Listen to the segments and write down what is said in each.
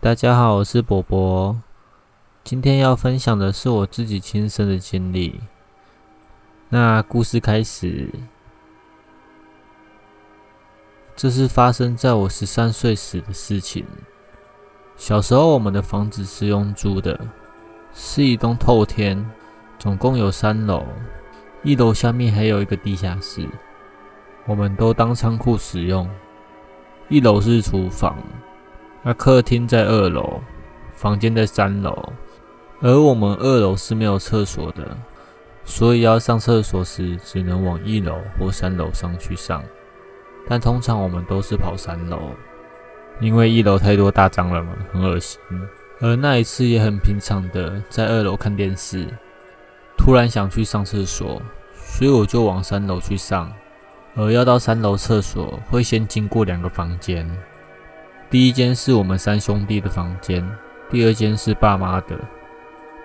大家好，我是勃勃。今天要分享的是我自己親身的經歷。那故事開始，這是發生在我十三歲時的事情。小時候，我們的房子是用租的，是一棟透天，總共有三樓，一樓下面還有一個地下室，我們都當倉庫使用。一樓是廚房。那客廳在二樓，房間在三樓，而我們二樓是沒有廁所的，所以要上廁所時只能往一樓或三樓上去上。但通常我們都是跑三樓，因為一樓太多大蟑螂了，很噁心。而那一次也很平常的在二樓看電視，突然想去上廁所，所以我就往三樓去上。而要到三樓廁所，會先經過兩個房間。第一間是我們三兄弟的房間，第二間是爸媽的。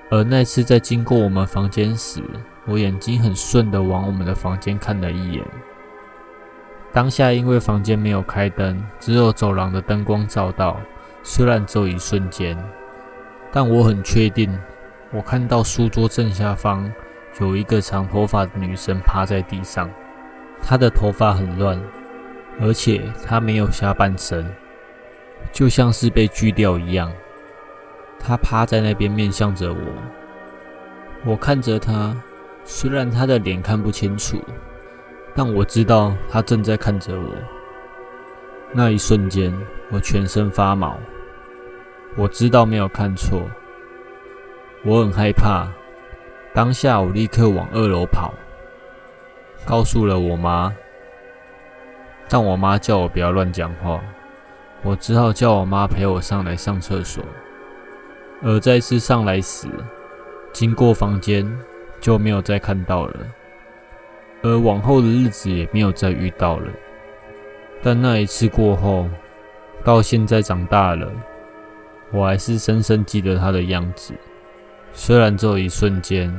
而那次在經過我們房間時，我眼睛很順地往我們的房間看了一眼。當下因為房間沒有開燈，只有走廊的燈光照到，雖然只有一瞬間，但我很確定，我看到書桌正下方有一個長頭髮的女生趴在地上，她的頭髮很亂，而且她沒有下半身。就像是被鋸掉一樣，他趴在那邊面向着我。我看着他，雖然他的臉看不清楚，但我知道他正在看着我。那一瞬間，我全身發毛。我知道沒有看錯，我很害怕。當下，我立刻往二樓跑，告訴了我媽，但我媽叫我不要亂講話。我只好叫我媽陪我上來上廁所，而再次上來時，經過房間就沒有再看到了，而往後的日子也沒有再遇到了。但那一次過後，到現在長大了，我還是深深記得他的樣子，雖然只有一瞬間，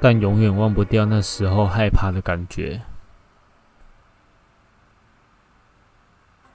但永遠忘不掉那時候害怕的感覺。